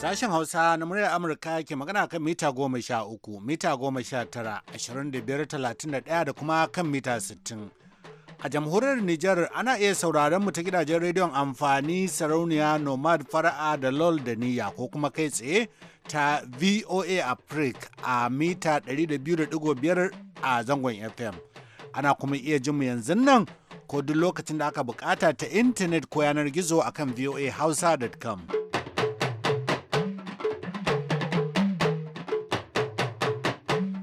Sashen Hausa na muryar Amurka ke magana kan mita goma sha uku, mita goma sha tara, ashirin da biyar talatin da ɗaya da kuma kan mita sittin. A jamhuriyar Nijar ana iya sauraron mu ta gidajen rediyon amfani sarauniya Nomad Fara'a da LOL da Niyya ko kuma kai tsaye ta VOA Africa a mita 200.5 a zangon FM. Ana kuma iya jin mu yanzu nan ko duk lokacin da aka bukata ta intanet ko yanar gizo akan voahausa.com.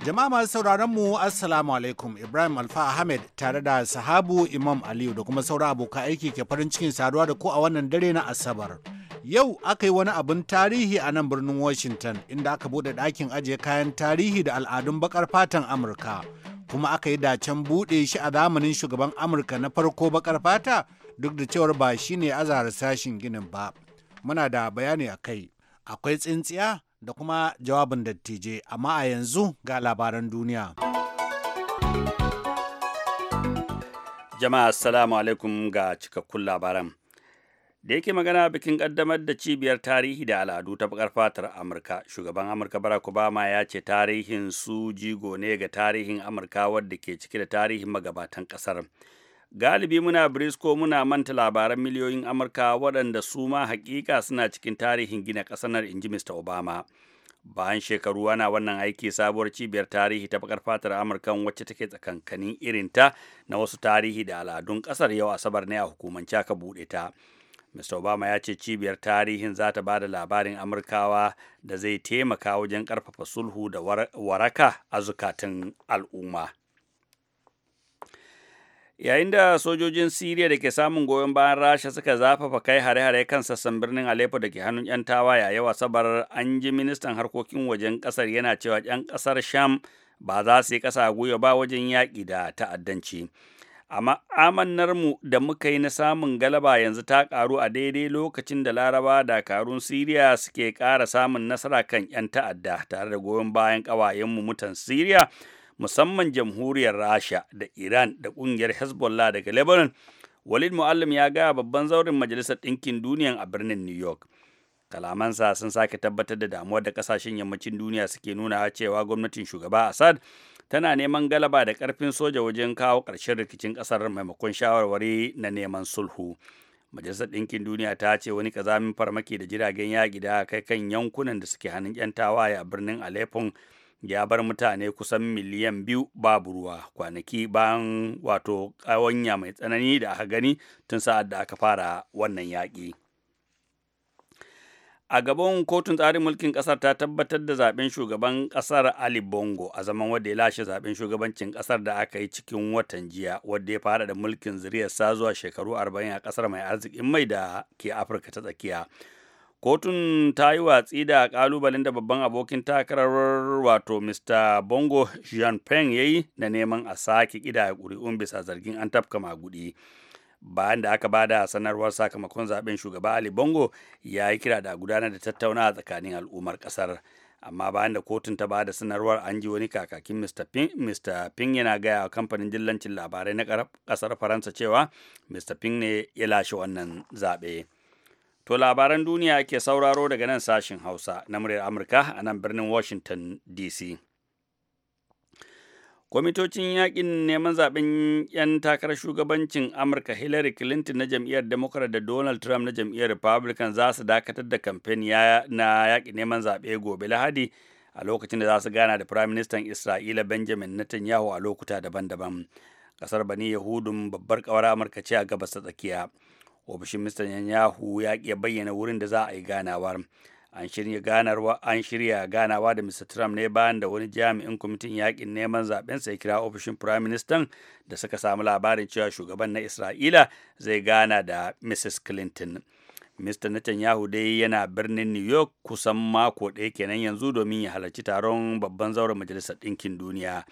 Jama'a masu sauraron mu Assalamu alaikum Ibrahim Alfa Ahmed tare da sahabu Imam Aliyu da kuma sauran abokan aiki ke farin cikin saduwa da ku a wannan dare na Asabar. Yau aka yi wani abin tarihi a nan birnin Washington inda aka bude ɗakin ajiye kayan tarihi da al'adun bakar fatan Amurka. Kuma aka yi dacen buɗe shi a zamanin shugaban Amurka na farko bakar fata duk da cewar ba shi ne azara sashin ginin ba. Muna da bayani a kai. Akwai tsintsiya da kuma jawabin dattijai amma a yanzu ga labaran duniya. Jama'a assalamu alaikum ga cikakkun labaran. Da yake magana bikin kaddamar da cibiyar tarihi da al'adu ta bakar fatar Amurka, shugaban Amurka Barack Obama ya ce tarihin su jigo ne ga tarihin Amurka wadda ke cike da tarihin magabatan kasar. galibi muna brisco muna manta labaran miliyoyin amurka waɗanda su ma hakika suna cikin tarihin gina ƙasar in ji mr obama bayan shekaru ana wannan aiki sabuwar cibiyar tarihi ta bakar fatar amurka wacce take tsakankanin ta na wasu tarihi da al'adun ƙasar yau asabar ne a hukumance aka buɗe ta Mr. Obama ya ce cibiyar tarihin za ta ba da labarin Amurkawa da zai taimaka wajen ƙarfafa sulhu da waraka a zukatan al'umma. yayin da sojojin Siriya da ke samun goyon bayan Rasha suka zafafa kai hare-hare kan sassan birnin Aleppo da ke hannun 'yan tawaya yawa sabar an ji ministan harkokin wajen kasar yana cewa 'yan kasar Sham ba za su yi kasa gwiwa ba wajen yaƙi da ta'addanci. Amma amannarmu da muka yi na samun galaba yanzu ta karu a daidai lokacin da Laraba dakarun Siriya suke kara samun nasara kan 'yan ta'adda tare da goyon bayan ƙawayenmu mutan Siriya. musamman jamhuriyar rasha da iran da ƙungiyar hezbollah daga lebanon walid muallim ya gaya babban zaurin majalisar ɗinkin duniya a birnin new york kalamansa sun sake tabbatar da damuwar da kasashen yammacin duniya suke nuna cewa gwamnatin shugaba assad tana neman galaba da karfin soja wajen kawo ƙarshen rikicin ƙasar maimakon shawarwari na neman sulhu majalisar ɗinkin duniya ta ce wani kazamin farmaki da jiragen yaƙi da kai kan yankunan da suke hannun 'yan tawaye a birnin aleppo ya bar mutane kusan miliyan biyu babu ruwa kwanaki bayan wato kawanya mai tsanani da aka gani tun sa'ad da aka fara wannan yaƙi a gaban kotun tsarin mulkin ƙasar ta tabbatar da zaben shugaban ƙasar ali bongo a zaman wadda ya lashe zaben shugabancin ƙasar da aka yi cikin watan jiya wadda ya fara da mulkin zuriyarsa zuwa shekaru 40 a ƙasar mai arzikin mai da ke afirka ta tsakiya kotun ta yi watsi da kalubalen da babban abokin takarar wato mr bongo jean ya yi na neman a sake ƙidaya ƙuri'un bisa zargin an tafka magudi bayan da aka bada sanarwar sakamakon zaben shugaba ali bongo ya yi kira da gudanar da tattauna a tsakanin al'ummar kasar amma bayan da kotun ta bada sanarwar an ji wani kakakin Mr. Ping, yana gaya wa kamfanin dillancin labarai na ƙasar Faransa cewa Mr. Ping ne ya lashe wannan zaɓe. To labaran duniya ke sauraro daga nan sashin Hausa na muryar Amurka a nan birnin Washington DC. Kwamitocin yakin neman zaben 'yan takarar shugabancin Amurka Hillary Clinton na jam'iyyar Democrat da Donald Trump na jam'iyyar Republican za su dakatar da kamfen na yakin neman zaɓe gobe Lahadi a lokacin da za su gana da Prime Minister Isra'ila Benjamin Netanyahu a lokuta daban-daban. Kasar Bani Yahudun babbar kawar Amurka ce a gabas ta tsakiya. ofishin mista netanyahu ya ƙi bayyana wurin da za a yi ganawa. an shirya ganarwa an shirya ganawa da Mr. Trump ne bayan da wani jami'in kwamitin yakin neman zaben sai kira ofishin Prime Minister da suka samu labarin cewa shugaban na Isra'ila zai gana da Mrs. Clinton. Mr. Netanyahu dai yana birnin New York kusan mako ɗaya kenan yanzu domin ya halarci taron babban zauren Majalisar Ɗinkin Duniya.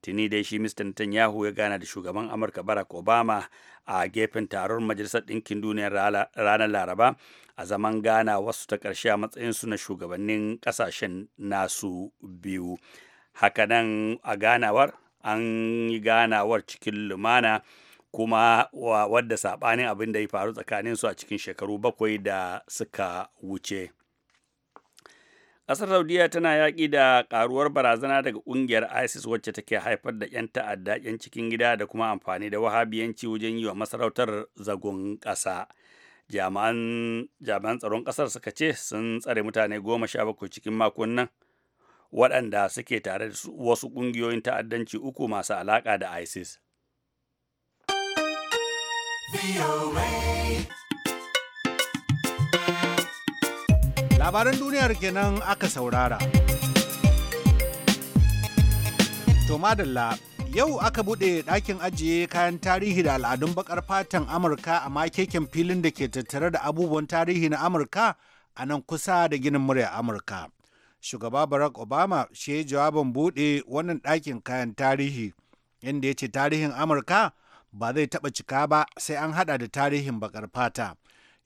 tuni dai shi mr netanyahu ya gana da shugaban amurka barack obama a gefen taron majalisar ɗinkin Duniya ranar laraba a zaman gana wasu ta ƙarshe a matsayin su na shugabannin ƙasashen nasu biyu hakanan a ganawar an yi ganawar cikin lumana kuma wadda saɓanin abin da ya faru tsakaninsu a cikin shekaru bakwai da suka wuce. Ƙasar Saudiya tana yaƙi da ƙaruwar barazana daga ƙungiyar ISIS wacce take haifar da 'yan ta'adda 'yan cikin gida da kuma amfani da wahabiyanci wajen yi wa masarautar zagon ƙasa. Jami'an tsaron ƙasar suka ce sun tsare mutane goma sha bakwai cikin makon waɗanda suke tare da wasu ƙungiyoyin ta'addanci uku masu alaƙa da ISIS. labaran duniyar kenan aka saurara to madalla yau aka buɗe ɗakin ajiye kayan tarihi da al'adun bakar fatan amurka a makeken filin da ke tattare da abubuwan tarihi na amurka a nan kusa da ginin murya amurka shugaba barack obama shi jawabin buɗe wannan ɗakin kayan tarihi inda ya ce tarihin amurka ba zai taɓa cika ba sai an haɗa da tarihin bakar fata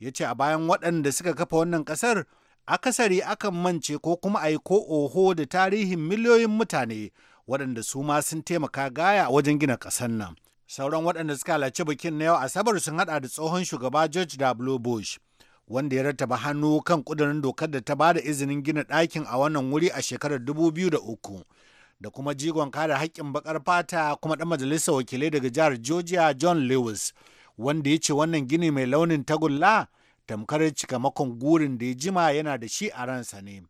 ya ce a bayan waɗanda suka kafa wannan ƙasar akasari akan mance ko kuma a yi ko oho da tarihin miliyoyin mutane waɗanda su ma sun taimaka gaya wajen gina ƙasar nan. Sauran waɗanda suka halarci bikin na yau Asabar sun haɗa da tsohon shugaba George W. Bush, wanda ya rattaba hannu kan ƙudurin dokar da ta bada izinin gina ɗakin a wannan wuri a shekarar 2003, da kuma jigon kare haƙƙin baƙar fata kuma ɗan majalisar wakilai daga jihar Georgia John Lewis, wanda ya ce wannan gini mai launin tagulla tamkar cikamakon gurin da ya jima yana da shi a ransa ne.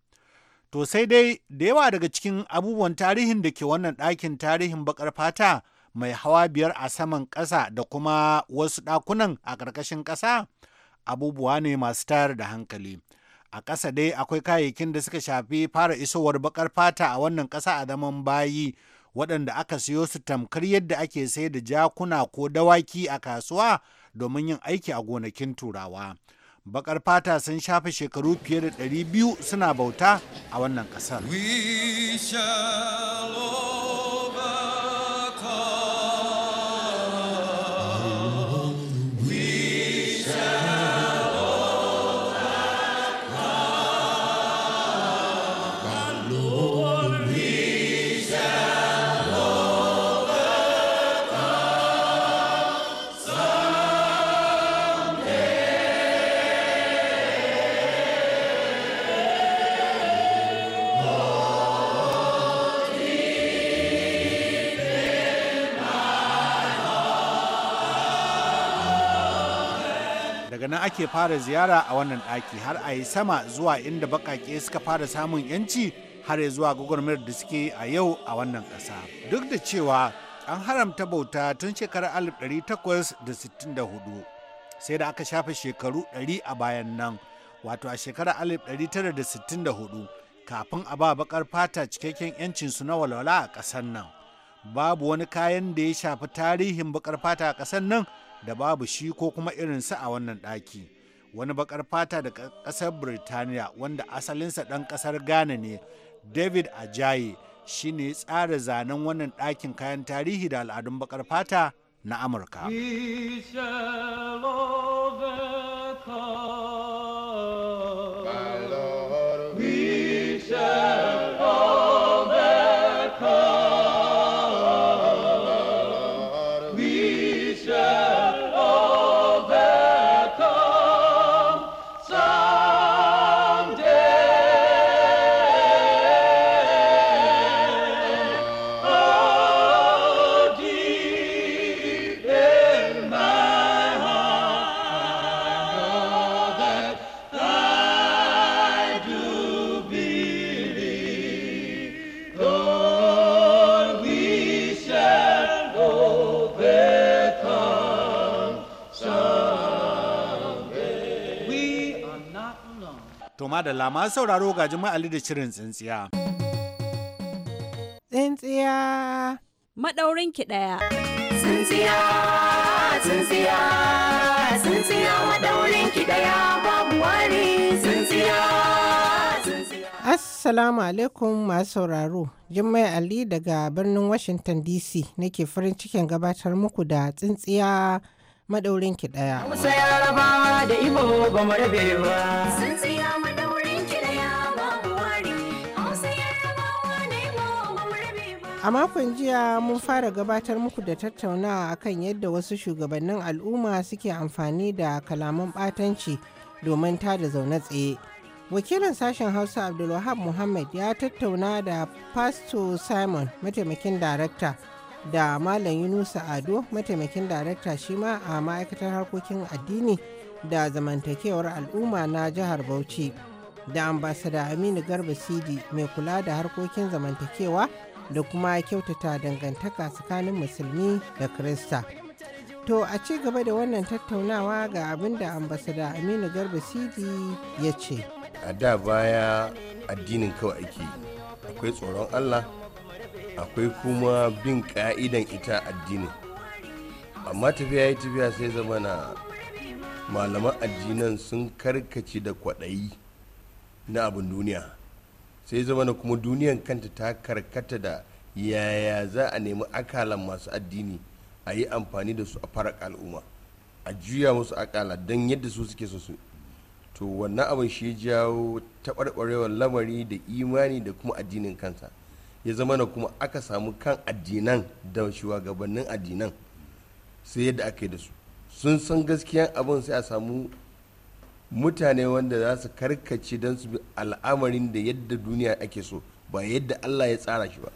To sai dai da yawa daga cikin abubuwan tarihin da ke wannan ɗakin tarihin baƙar fata mai hawa biyar a saman ƙasa da kuma wasu ɗakunan a ƙarƙashin ƙasa abubuwa ne masu tayar da hankali. A ƙasa dai akwai kayayyakin da suka shafi fara isowar baƙar fata a wannan ƙasa a zaman bayi waɗanda aka siyo su tamkar yadda ake sayar da jakuna ko dawaki a kasuwa domin yin aiki a gonakin turawa. bakar fata sun shafe shekaru fiye da 200 suna bauta a wannan ƙasar. daga nan ake fara ziyara a wannan ɗaki har a yi sama zuwa inda baƙaƙe suka fara samun 'yanci har ya zuwa gwagwarmayar da suke a yau a wannan ƙasa. Duk da cewa an haramta bauta tun shekarar 1864 sai da aka shafe shekaru 100 a bayan nan wato a shekarar 1964 kafin a ba bakar fata cikakken 'yancinsu na walwala a ƙasar nan. Babu wani kayan da ya shafi tarihin bakar fata a ƙasar nan da babu shi ko kuma irin irinsa a wannan ɗaki wani bakar fata da ƙasar birtaniya wanda asalinsa ɗan ƙasar ghana ne david ajayi shi ne tsara zanen wannan ɗakin kayan tarihi da al'adun bakar fata na amurka madalla masu sauraro ga Ali da shirin tsintsiya. Tsintsiya. Maɗaurin ki ɗaya. Tsintsiya, tsintsiya, tsintsiya maɗaurin ki ɗaya babu wani tsintsiya. Assalamu alaikum masu sauraro, Jummai Ali daga birnin Washington DC nake farin cikin gabatar muku da tsintsiya maɗaurin ki ɗaya. ya yarabawa da Ibo ba mu rabe ba. A makon jiya mun fara gabatar muku da tattaunawa akan yadda wasu shugabannin al'umma suke amfani da kalaman ɓatanci domin tada zaune tsaye. Wakilin sashen Hausa Abdulwahab Muhammad ya tattauna da Pasto Simon mataimakin darakta da Malam Yunusa Ado mataimakin darakta shi ma a ma'aikatar harkokin addini da zamantakewar al'umma na jihar Bauchi da ambasada Aminu Garba Sidi mai kula da harkokin zamantakewa da kuma kyautata dangantaka tsakanin musulmi da krista to a ci gaba da wannan tattaunawa ga abinda ambasada aminu garba sidi ya ce a da baya addinin kawai ake akwai tsoron allah akwai kuma bin ka'idan ita addinin amma tafiya ya tafiya sai zama na malaman addinan sun karkace da kwaɗayi na abin duniya sai zama na kuma duniyan kanta ta karkata da yaya za a nemi akalan masu addini a yi amfani da su a fara al'umma a juya musu akala don yadda su suke su to wannan abin shi jawo taɓarɓarewar lamari da imani da kuma addinin kansa ya zama na kuma aka samu kan addinan da shugabannin addinan sai yadda aka yi da su sun san gaskiyan abin sai a samu mutane wanda za su karkace don su bi al'amarin da yadda duniya ake so ba yadda allah ya tsara shi ba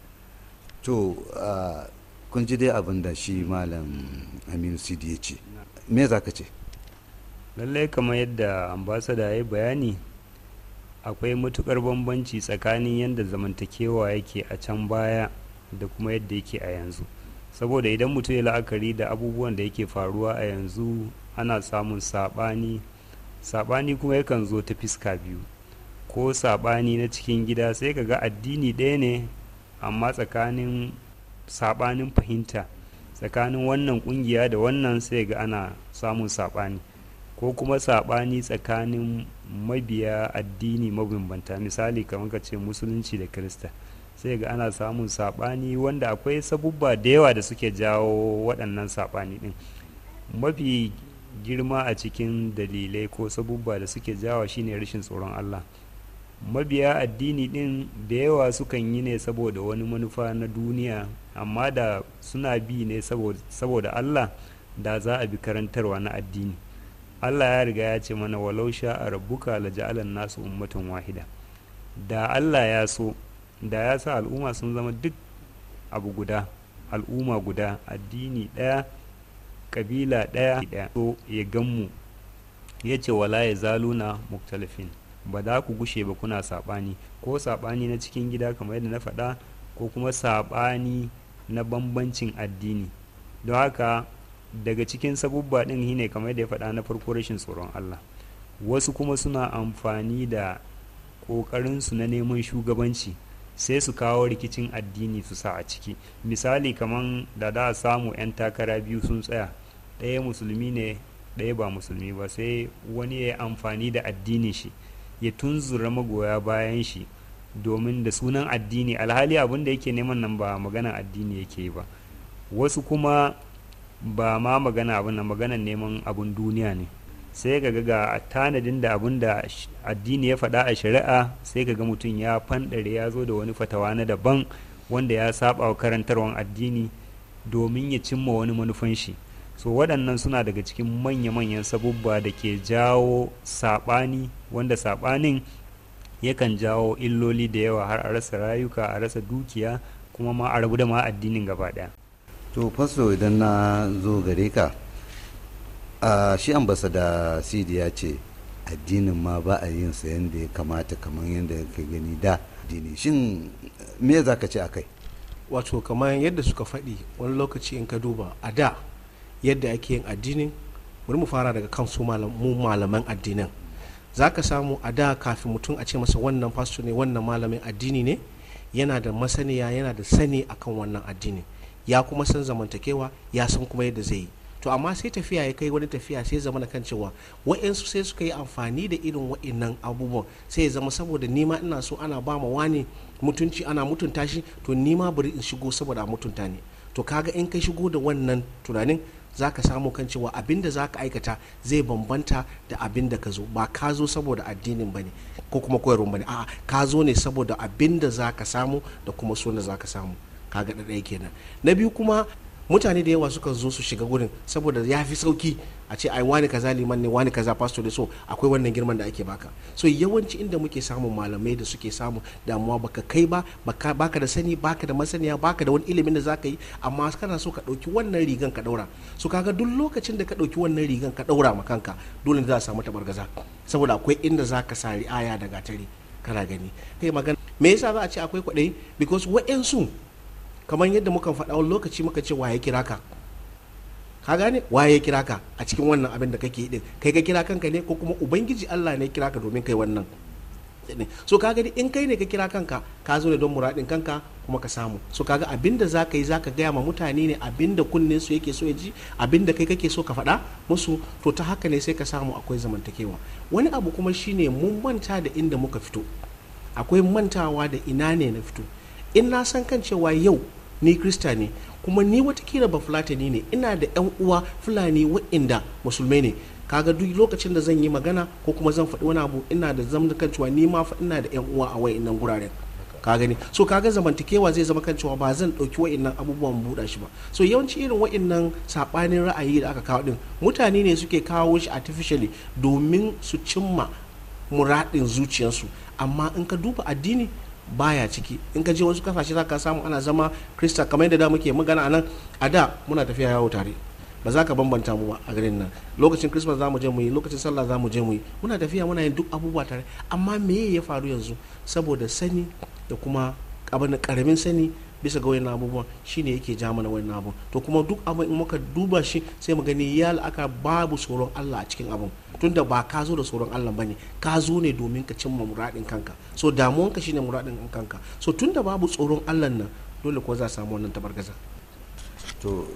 to kun ji dai abin da shi malam aminu sidi ya ce me za ka ce lallai kamar yadda ambasada ya bayani akwai matukar bambanci tsakanin yadda zamantakewa yake a can baya da kuma yadda yake a yanzu saboda idan mutum ya la'akari da abubuwan da yake faruwa a yanzu ana samun saɓani saɓani kuma yakan zo ta fiska biyu ko saɓani na cikin gida sai ka ga addini ɗaya ne amma tsakanin saɓanin fahimta tsakanin wannan ƙungiya da wannan sai ga ana samun saɓani ko kuma saɓani tsakanin mabiya addini mabambanta misali kamar ka ce musulunci da kirista sai ga ana samun saɓani wanda akwai sabubba da yawa da suke jawo waɗannan saɓani ɗin mafi girma a cikin dalilai ko sabubba da suke jawa shine rashin tsoron Allah mabiya addini din da yawa sukan yi ne saboda wani manufa na duniya amma da suna bi ne saboda Allah da za a bi karantarwa na addini Allah ya riga ya ce mana walau sha a rabbuka la ja'alan nasu ummatan wahida da Allah ya so da ya sa al'umma sun zama duk abu guda al'umma guda addini ɗaya kabila ɗaya ɗaya so ya ganmu ya ce wala ya zaluna muktalifin ba za ku gushe ba kuna saɓani ko saɓani na cikin gida kamar yadda na faɗa ko kuma saɓani na bambancin addini don haka daga cikin sabubba ɗin shine kamar yadda ya faɗa na farko rashin tsoron Allah wasu kuma suna amfani da ƙoƙarinsu na neman shugabanci sai su kawo rikicin addini su sa a ciki misali kamar da da samu 'yan takara biyu sun tsaya ɗaya musulmi ne ɗaya ba musulmi ba sai wani ya yi amfani da addinin shi ya tunzura magoya bayan shi domin da sunan addini alhali abin da yake neman nan ba maganan addini yake ba wasu kuma ba ma magana abin nan maganan neman abin duniya ne sai ga ga tanadin da abin da addini ya faɗa a shari'a sai ka ga mutum ya fanɗare ya zo da wani fatawa na daban wanda ya saba wa karantarwan addini domin ya cimma wani manufan shi so waɗannan suna daga cikin manya-manyan sabubba da ke jawo saɓani wanda saɓanin yakan jawo illoli da yawa har a rasa rayuka a rasa dukiya kuma ma a rabu da ma addinin gaba ɗaya to faso idan na zo gare ka a shi ambasada sidi ya ce addinin ma ba a yin sayan da ya kamata kamar yadda ka gani da addini shin me za ka ce a kai wato kamar yadda suka faɗi wani lokaci in ka duba a da yadda ake yin addinin bari mu fara daga kan su mu malaman addinin za ka samu a da kafin mutum a ce masa wannan pastor ne wannan malamin addini ne yana da masaniya yana da sani akan wannan addinin ya kuma san zamantakewa ya san kuma yadda zai yi to amma sai tafiya ya kai wani tafiya sai zama kan cewa wa'yansu sai suka yi amfani da irin wa'innan abubuwan sai ya zama saboda nima ina so ana ba ma wani mutunci ana mutunta shi to nima bari in shigo saboda a mutunta ne to kaga in ka shigo da wannan tunanin za ka samu kan cewa abin da za ka aikata zai bambanta da abin da ka zo ba ka zo saboda addinin ba ne ko kuma koyarwa ba ne a'a ka zo ne saboda abin da za ka samu da kuma so da za ka samu ka ga ɗaya kenan na biyu kuma mutane da yawa suka zo su shiga gurin saboda ya fi sauki a ce ai wani kaza liman ne wani kaza pastor da so akwai wannan girman da ake baka so yawanci inda muke samun malamai da suke samun damuwa baka kai ba baka da sani baka da masaniya baka da wani ilimin da zaka yi amma kana so ka dauki wannan rigan ka daura so kaga duk lokacin da ka dauki wannan rigan ka daura ma kanka dole za a samu tabargaza saboda akwai inda zaka sari aya daga tare kana gani kai magana me yasa za a ce akwai kwaɗayi because wa'ensu kamar yadda muka faɗa wani lokaci muka ce waye kira ka ka gane waye kira ka a cikin wannan abin da kake din kai ka kira kanka ne ko kuma ubangiji Allah ne kira ka domin kai wannan so ka gani in kai ne ka kira kanka ka zo ne don muradin kanka kuma ka samu so kaga abinda za ka yi za ka gaya ma mutane ne abinda kunnen su yake so ya ji abinda kai kake so ka faɗa musu to ta haka ne sai ka samu akwai zamantakewa wani abu kuma shine mun manta da inda muka fito akwai mantawa da ina ne na fito in na san kan cewa yau ni krista ne kuma ni watakila ba ni ne ina da yan uwa fulani wa'inda musulmai ne kaga duk lokacin da zan yi magana ko kuma zan faɗi wani abu ina da zan kan cewa ni ma ina da yan uwa a wa'innan guraren ka gani so kaga zamantakewa zai zama kan cewa ba zan ɗauki wa'innan abubuwan buɗa shi ba so yawanci irin wa'innan saɓanin ra'ayi da aka kawo ɗin mutane ne suke kawo shi artificially domin su cimma muradin zuciyarsu amma in ka duba addini baya ciki in ka je wasu kasashe za ka samu ana zama krista kamar yadda da muke magana a nan a da muna tafiya yawo tare ba za ka bambanta mu ba a garin nan lokacin christmas za mu je mu yi lokacin sallah za mu je mu yi muna tafiya muna yin duk abubuwa tare amma me ya faru yanzu saboda sani da kuma abin karamin sani bisa ga wayannan abubuwan shine yake ja mana wayannan abun to kuma duk abin in muka duba shi sai mu gani ya aka babu tsoron Allah a cikin abun tunda ba ka zo da tsoron Allah bane ka zo ne domin ka cimma muradin kanka so ka shine muradin kanka so tunda babu tsoron Allah nan dole ko za samu wannan tabargaza to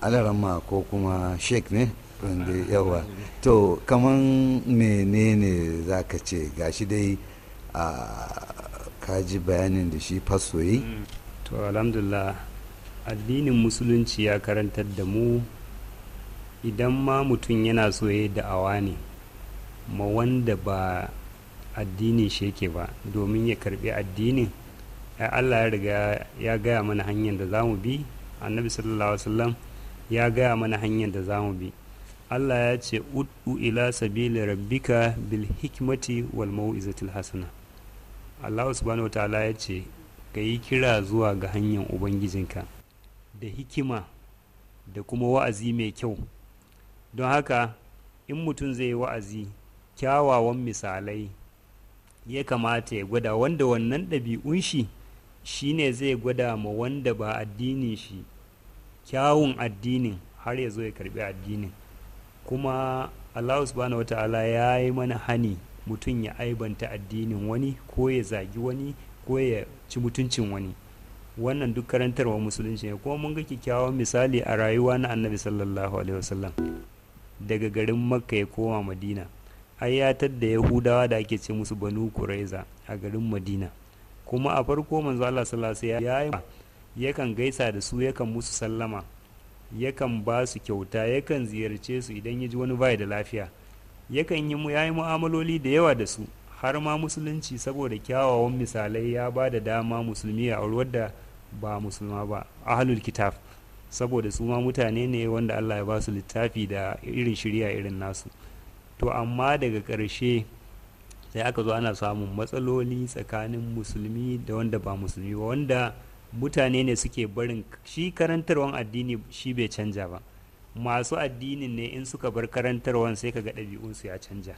alarama ko kuma sheik ne wanda yawa to kaman menene za ka ce gashi dai ka ji bayanin da shi fasoyi mm. to alhamdulillah addinin musulunci ya karantar da mu idan ma mutum yana soye da awa ne ma wanda ba addini shi yake ba domin ya karbi addinin allah ya riga ya gaya mana hanyar da za mu bi annabi sallallahu alaihi wasallam ya gaya mana hanyar da za mu bi allah ya ce ud'u ila sabili rabbika bil hikmati wal mau'izatil hasana allah subhanahu wataala ya ce ka yi kira zuwa ga hanyar ubangijinka da hikima da kuma wa'azi mai kyau don haka in mutum zai yi wa'azi kyawawan misalai ya kamata ya gwada wanda wannan ɗabi'un shi shine zai gwada ma wanda ba addinin shi kyawun addinin har ya zo ya karbi addinin kuma allah subhanahu wata'ala ya yi mana hani mutum ya aibanta addinin wani ko ya zagi wani ko ya ci mutuncin wani wannan duk karantarwa musulunci ne kuma mun ga kyakkyawan misali a rayuwa na annabi sallallahu alaihi wasallam daga garin makka ya koma madina ai ya tadda yahudawa da ake ce musu banu kuraiza a garin madina kuma a farko manzo Allah sallallahu alaihi ya yi yakan gaisa da su yakan musu sallama yakan ba su kyauta yakan ziyarce su idan ya ji wani bai da lafiya yakan yi mu yayi mu'amaloli da yawa da su har ma musulunci saboda kyawawan misalai ya ba da dama musulmi a wadda ba musulma ba ahlul kitab saboda su ma mutane ne wanda allah ya ba su littafi da irin shirya irin nasu to amma daga ƙarshe sai aka zo ana samun matsaloli tsakanin musulmi da wanda ba musulmi ba wanda mutane ne suke barin shi karantarwan addini shi bai canja ba masu addinin ne in suka bar karantarwan sai ka kaga ɗabi'unsu ya canja.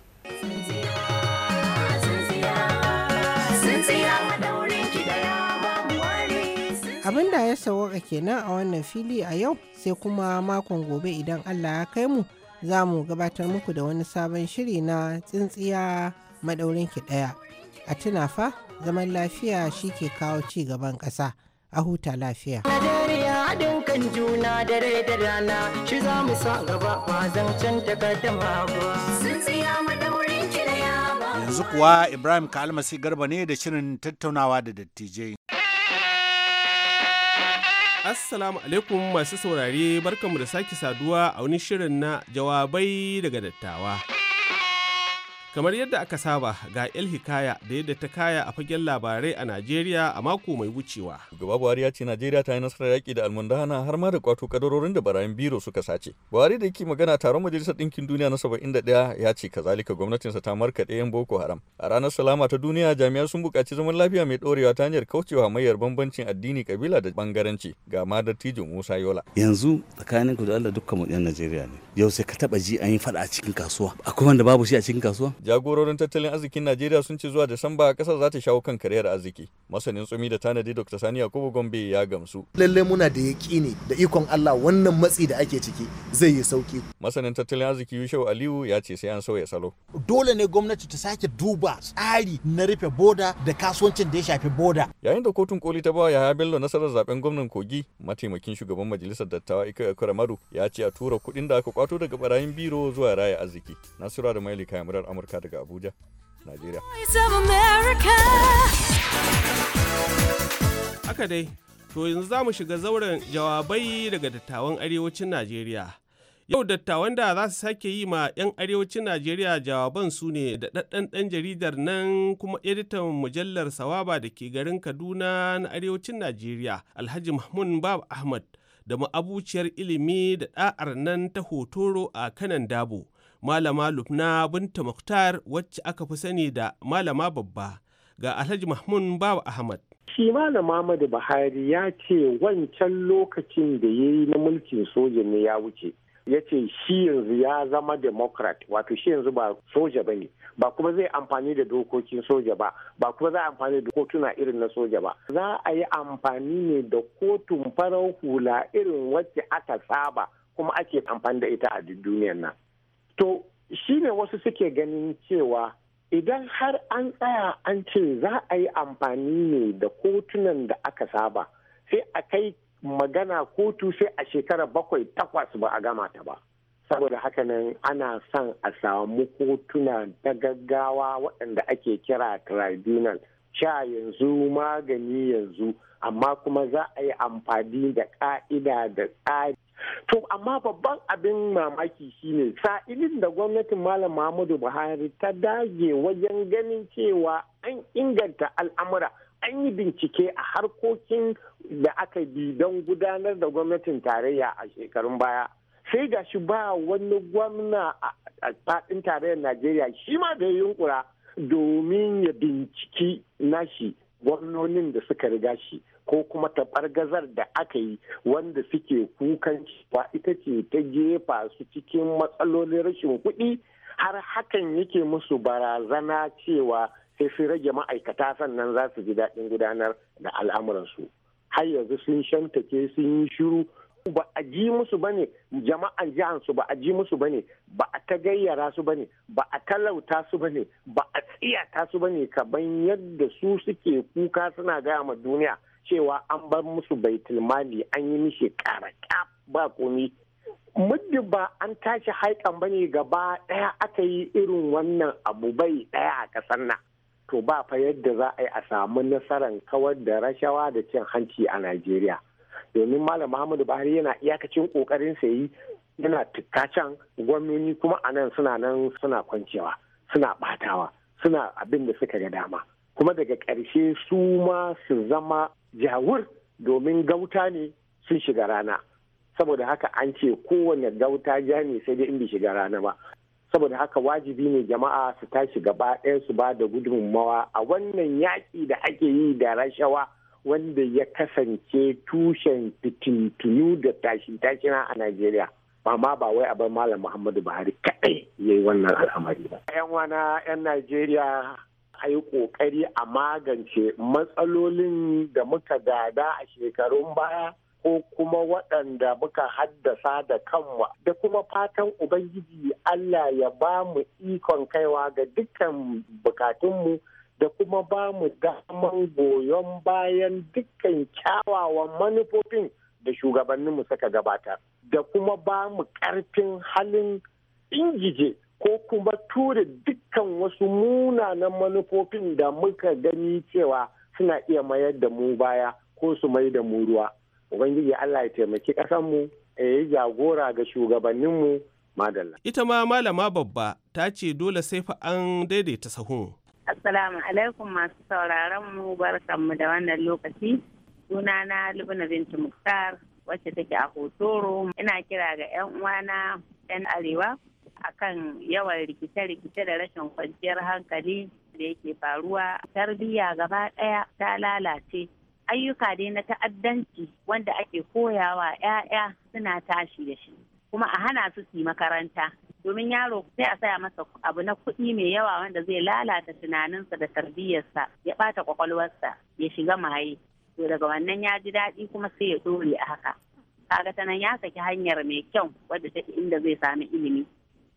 abin da ya sauwaka kenan a wannan fili a yau sai kuma makon gobe idan allah ya kai mu za mu gabatar muku da wani sabon shiri na tsintsiya madaurin ki daya a tuna fa zaman lafiya shi ke kawo ci gaban ƙasa a huta lafiya haɗin kan juna da rai da rana shi za mu sa gaba ba ba tsintsiya maɗaurin ki yanzu kuwa ibrahim kalmasi garba ne da shirin tattaunawa da dattijai Assalamu alaikum masu saurare barkanmu da sake saduwa a wani shirin na jawabai daga dattawa. Kamar yadda aka saba ga El Hikaya da yadda ta kaya a fagen labarai a Najeriya a mako mai wucewa. Gaba Buhari ya ce Najeriya ta yi nasarar yaƙi da almundana har ma da kwato kadarorin da barayin biro suka sace. Buhari da yake magana taron Majalisar Ɗinkin Duniya na 71 ya ce kazalika gwamnatinsa ta markaɗe 'yan Boko Haram. A ranar salama ta duniya jami'an sun buƙaci zaman lafiya mai ɗorewa ta hanyar kaucewa mayar bambancin addini kabila da bangaranci ga ma dattijo Musa Yola. Yanzu tsakanin ku da Allah dukkan mu ɗan Najeriya ne. Yau sai ka taɓa ji an yi faɗa a cikin kasuwa. Akwai wanda babu shi a cikin kasuwa? Jagororin tattalin arzikin Najeriya sun ce zuwa Disamba kasar za ta shawo kan kariyar arziki. Masanin tsumi da tanadi Dr. Sani Yakubu Gombe ya gamsu. Lalle muna da ne da ikon Allah wannan matsi da ake ciki zai yi sauki. Masanin tattalin arziki Yushau Aliyu ya ce sai an sauya salo. Dole ne gwamnati ta sake duba tsari na rufe boda da kasuwancin da ya shafi boda. Yayin da kotun koli ta bawa Yahaya Bello nasarar zaben gwamnan Kogi, mataimakin shugaban majalisar dattawa Ika Kuramaru ya ce a tura kuɗin da aka kwato daga barayin biro zuwa raya arziki. Nasura da Maili kayan murar Amurka. Amurka daga Abuja, Najeriya. Haka dai, to yanzu za mu shiga zauren jawabai daga dattawan arewacin Najeriya. Yau dattawan da za su sake yi ma 'yan arewacin Najeriya jawaban su ne da ɗaɗɗan ɗan jaridar nan kuma editan mujallar Sawaba da ke garin Kaduna na arewacin Najeriya, Alhaji Mahmud Bab Ahmad. da ma'abuciyar ilimi da ɗa'ar nan ta hotoro a kanan dabo Malama Lubna Binta Muktar wacce aka fi sani da Malama Babba ga Alhaji Mahmud Bawa Ahmad. Shi Malam madu Buhari ya ce wancan lokacin da ya yi na mulkin soja ne ya wuce. Ya ce shi yanzu ya zama Democrat wato shi yanzu ba soja ba ne ba kuma zai amfani da dokokin soja ba ba kuma za a amfani da kotuna irin na soja ba. Za a yi amfani ne da kotun farar hula irin wacce aka saba kuma ake amfani da ita a duniyar nan. to shi ne wasu suke ganin cewa idan har an tsaya an ce za a yi amfani ne da kotunan da aka saba sai a kai magana kotu sai a shekara bakwai takwas ba a gama ta ba saboda haka nan ana son a samu kotuna na gaggawa waɗanda ake kira tribunal sha yanzu magani yanzu amma kuma za a yi amfani da ƙa'ida da tsari To amma babban abin mamaki shine sa'ilin da gwamnatin Malam Muhammadu Buhari ta dage wajen ganin cewa an inganta al'amura an yi bincike a harkokin da aka bi don gudanar da gwamnatin tarayya a shekarun baya. Sai ga shi ba wani gwamna a faɗin tarayyar Najeriya shi ma da yunkura domin ya binciki nashi gwamnonin da suka riga shi ko kuma taɓargazar da aka yi wanda suke kukan cewa ita ce ta jefa su cikin matsalolin rashin kuɗi har hakan yake musu barazana cewa sai su rage ma'aikata sannan za su ji daɗin gudanar da al'amuransu har yanzu sun shantake sun yi shiru ba a ji musu ba ne jama'an jihansu ba a ji musu ba ne ba a ta gayyara su ba ne ba a talauta su ba ne ba a tsiyata su ba ne kaban yadda su suke kuka suna gaya ma duniya cewa an bar musu bai mali an yi mishi karaka ba komi muddin ba an tashi haikan ba ne gaba daya aka yi irin wannan abu bai daya a kasar nan to ba fa yadda za a yi a samu nasarar kawar da rashawa da cin hanci a Najeriya domin malam Muhammadu Buhari yana iyakacin kokarin sa yi yana tukacan gwamnoni kuma a nan suna nan suna kwancewa suna batawa suna abin da suka ga dama kuma daga ƙarshe su ma su zama jawur domin gauta ne sun shiga rana saboda haka an ce kowane gauta ja ne sai dai in bi shiga rana ba saboda haka wajibi ne jama'a su tashi gaba ɗaya su ba da gudunmawa a wannan yaƙi da ake yi da rashawa wanda ya kasance tushen fitintunu da tashin tashina a Najeriya. Mama ba wai abin Malam Muhammadu Buhari kaɗai ya yi wannan al'amari ba. 'Yan wana 'yan Najeriya a yi ƙoƙari a magance matsalolin da muka gada a shekarun baya ko kuma waɗanda muka haddasa da kanmu da kuma fatan ubangiji Allah ya ba mu ikon kaiwa ga dukkan bukatunmu da kuma ba mu daman goyon bayan dukkan kyawawan manufofin da shugabanninmu suka gabata, da kuma ba mu ƙarfin halin ingije ko kuma ture duk kan wasu munanan manufofin da muka gani cewa suna iya mayar da mu baya ko su mai da mu ruwa ubangiji allah ya taimaki ƙasanmu ya yi jagora ga shugabanninmu madalla ita ma malama babba ta ce dole sai fa an daidaita sahun assalamu alaikum masu sauraron mu barkanmu da wannan lokaci sunana lubna binti muktar wacce take a hotoro ina kira ga 'yan uwana 'yan arewa akan yawan rikice-rikice da rashin kwanciyar hankali da yake faruwa tarbiyya gaba ɗaya ta lalace ayyuka dai na ta'addanci wanda ake koyawa 'ya'ya suna tashi da shi kuma a hana su yi makaranta domin yaro sai a saya masa abu na kuɗi mai yawa wanda zai lalata tunaninsa da tarbiyyarsa ya ɓata kwakwalwarsa ya shiga maye to daga wannan ya ji daɗi kuma sai ya dore a haka kaga ta ya saki hanyar mai kyau wadda ta inda zai sami ilimi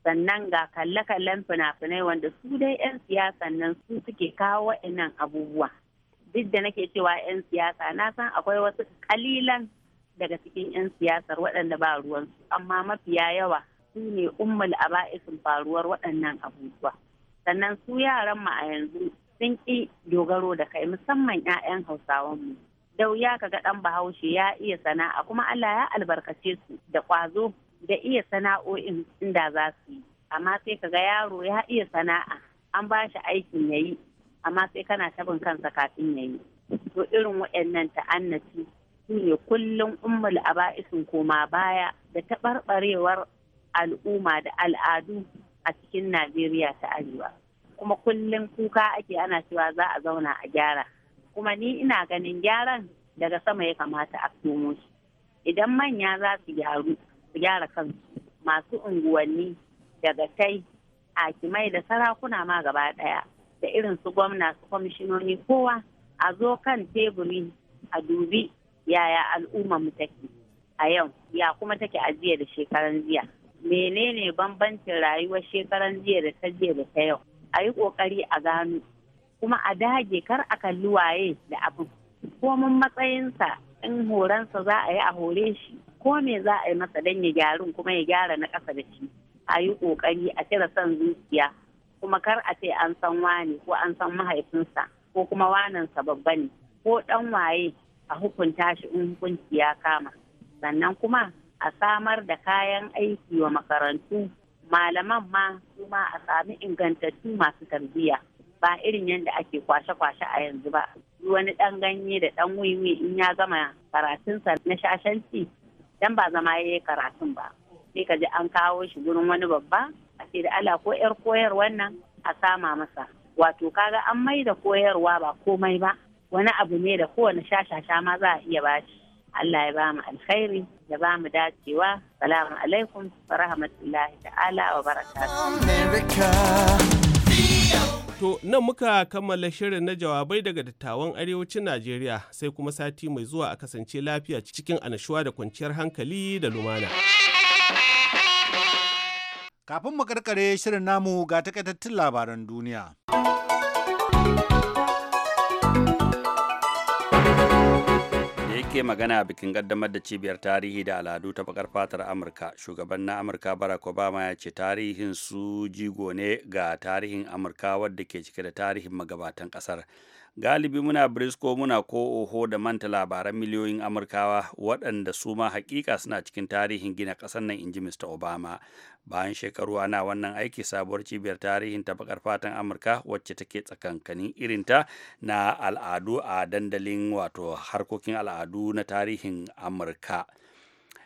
sannan ga kalle-kallen fina-finai wanda su dai 'yan siyasan nan su suke kawo wa'annan abubuwa duk da nake cewa 'yan siyasa na san akwai wasu kalilan daga cikin 'yan siyasar waɗanda ba ruwan su amma mafiya yawa su ne ummul aba'isin faruwar waɗannan abubuwa sannan su yaran mu a yanzu sun ƙi dogaro da kai musamman 'ya'yan hausawan mu da wuya kaga ɗan bahaushe ya iya sana'a kuma allah ya albarkace su da ƙwazo da iya sana'o'in inda za su yi amma sai ka ga yaro ya iya sana'a an ba shi aikin ya yi amma sai kana tabin kansa kafin ya yi to irin waɗannan ta'annaci su ne kullum a aba'isin koma baya da taɓarɓarewar al'umma da al'adu a cikin najeriya ta arewa kuma kullum kuka ake ana cewa za a zauna a gyara kuma ni ina ganin gyaran daga sama ya kamata a shi idan manya za su gyaru su gyara kansu masu unguwanni daga tai hakimai da sarakuna ma gaba daya da irin su gwamna su kwamishinoni kowa a zo kan teburi a dubi yaya al'umma mu take a yau ya kuma take a jiya da shekaran jiya menene bambancin rayuwar shekaran jiya da ta jiya da ta yau a yi kokari a gano kuma a dage kar a kalli waye da abin komin matsayinsa in horonsa za a yi a hore shi ko me za a yi masa dan ya gyaru kuma ya gyara na ƙasa da shi a yi ƙoƙari a cire son zuciya kuma kar a ce an san wani ko an san mahaifinsa ko kuma wanansa babba ne ko ɗan waye a hukunta shi in hukunci ya kama sannan kuma a samar da kayan aiki wa makarantu malaman ma kuma a sami ingantattu masu tarbiyya ba irin yadda ake kwashe-kwashe a yanzu ba wani ɗan ganye da ɗan wiwi in ya gama karatunsa na shashanci dan ba zama ya yi karatun ba sai ka ji an kawo shi gurin wani babba a ce da ala ko yar koyar wannan a sama masa wato kaga an mai da koyarwa ba komai ba wani abu ne da kowane shashasha ma za a iya shi Allah ya ba mu alkhairi ya ba mu dacewa salamu alaikum wa rahmatullahi ta'ala wa barakatuh To, nan muka kammala shirin na jawabai daga dattawan arewacin Najeriya sai kuma sati mai zuwa a kasance lafiya cikin anashuwa da kwanciyar hankali da lumana. Kafin mu karkare shirin namu ga takaitattun labaran duniya. yake magana a bikin kaddamar da cibiyar tarihi da al'adu ta bakar fatar amurka shugaban na amurka barack obama ya ce tarihin su jigo ne ga tarihin amurka wadda ke cike da tarihin magabatan kasar galibi muna brisco muna ko oho da manta labaran miliyoyin amurkawa waɗanda su ma hakika suna cikin tarihin gina ƙasar nan inji mr obama bayan shekaru ana wannan aiki sabuwar cibiyar tarihin ta fatan amurka wacce take tsakankanin irinta na al'adu a dandalin wato harkokin al'adu na tarihin amurka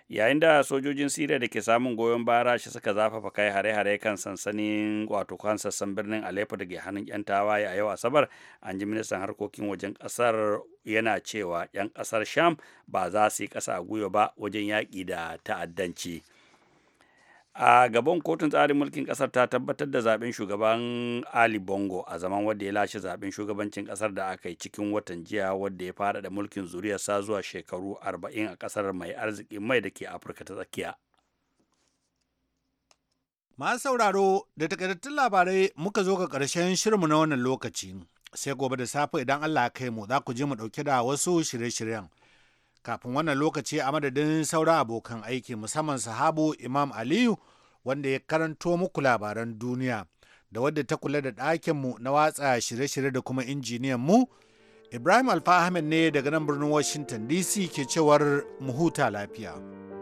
yayin da sojojin siriya da ke samun goyon baya rasha suka zafafa kai hare-hare kan sansanin wato kan sassan birnin aleppo da ke hannun yan tawaye a yau asabar an ji ministan harkokin wajen kasar yana cewa yan kasar sham ba za su yi kasa a gwiwa ba wajen yaƙi da ta'addanci a gaban kotun tsarin mulkin kasar ta tabbatar da zaben shugaban ali bongo a zaman wadda ya lashe zaben shugabancin kasar da aka yi cikin watan jiya wadda ya fara da mulkin zuriyarsa zuwa shekaru 40 a kasar mai arzikin mai da ke afirka ta tsakiya masu sauraro da takardattun labarai muka zo ga ƙarshen shirinmu na wannan lokaci sai gobe da safe idan allah ya kai mu za ku je mu dauke da wasu shirye-shiryen kafin wannan lokaci a madadin sauran abokan aiki musamman sahabu imam aliyu wanda ya karanto muku labaran duniya da wadda ta kula da ɗakinmu na watsa shirye-shirye da kuma injiniyan mu ibrahim alfa ne daga nan birnin washington dc ke cewar mu huta lafiya.